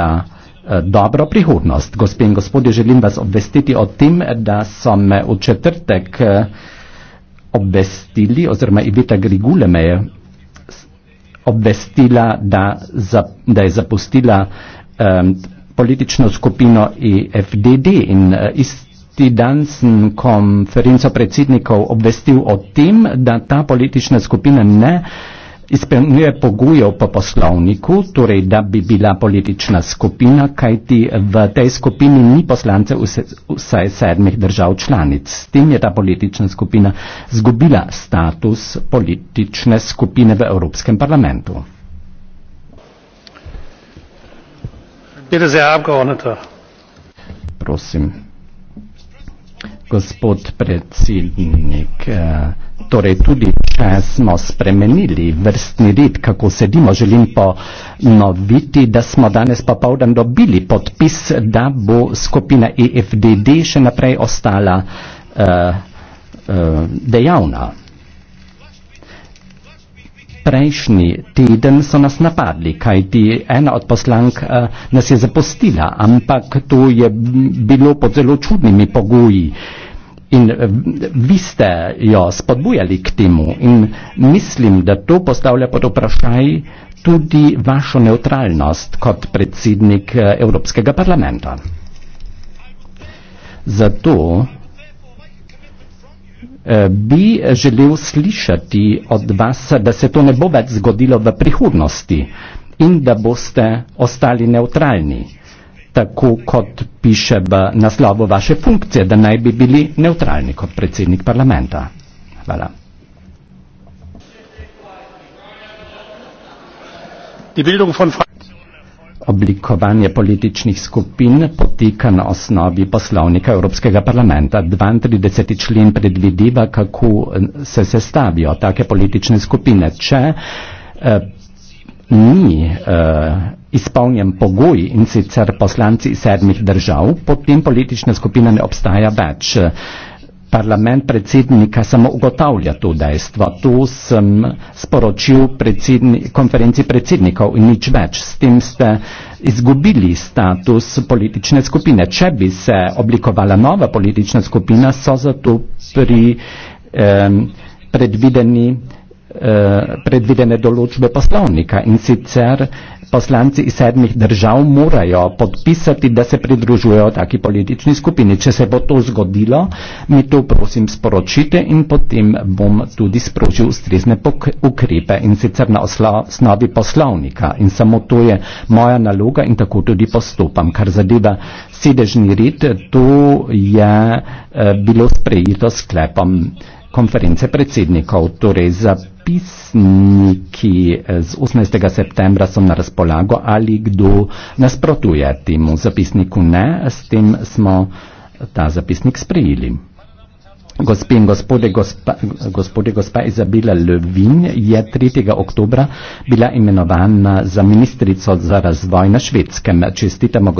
za eh, dobro prihodnost. Gospe in gospodje, želim vas obvestiti o tem, da so me v četrtek eh, obvestili, oziroma Ivita Grigule me je obvestila, da, za, da je zapustila um, politično skupino IFDD e in uh, isti dan sem konferenco predsednikov obvestil o tem, da ta politična skupina ne uh, izpolnjuje pogoje po poslovniku, torej da bi bila politična skupina, kajti v tej skupini ni poslance vse, vsaj sedmih držav članic. S tem je ta politična skupina zgubila status politične skupine v Evropskem parlamentu. Bitte sehr, Abgeordneter. Prosim. Gospod predsednik. Äh, torej tudi če smo spremenili vrstni red, kako sedimo, želim ponoviti, da smo danes popovdan dobili podpis, da bo skupina EFDD še naprej ostala uh, uh, dejavna. Prejšnji teden so nas napadli, kajti ena od poslank uh, nas je zapustila, ampak to je bilo pod zelo čudnimi pogoji. Uh, In eh, vi ste jo spodbujali k temu in mislim, da to postavlja pod vprašaj tudi vašo neutralnost kot predsednik eh, Evropskega parlamenta. Zato eh, bi želel slišati od vas, da se to ne bo več zgodilo v prihodnosti in da boste ostali neutralni tako kot piše v naslovu vaše funkcije, da naj bi bili neutralni kot predsednik parlamenta. Hvala. Oblikovanje političnih skupin poteka na osnovi poslovnika Evropskega parlamenta. 32. člen predvideva, kako eh, se sestavijo take politične skupine. Če eh, ni eh, izpolnjen pogoj in sicer poslanci sedmih držav, potem politična skupina ne obstaja več. Parlament predsednika samo ugotavlja to dejstvo. To sem sporočil predsedni, konferenci predsednikov in nič več. S tem ste izgubili status politične skupine. Če bi se oblikovala nova politična skupina, so zato pri eh, predvideni Eh, predvidene določbe poslovnika in sicer poslanci iz sedmih držav morajo podpisati, da se pridružujejo taki politični skupini. Če se bo to zgodilo, mi to prosim sporočite in potem bom tudi sprožil ustrezne ukrepe in sicer na osnovi poslovnika. In samo to je moja naloga in tako tudi postopam. Kar zadeva sedežni red, to je eh, bilo sprejeto sklepom. Eh, konference predsednikov. Torej, zapisniki eh, z 18. septembra so na razpolago, ali kdo nasprotuje temu zapisniku. Ne, s tem smo ta zapisnik sprejeli. Gospe in gospode, gospa, gospode, gospa Izabela Levin je 3. oktobra bila imenovana za ministrico za razvoj na švedskem. Čestitamo.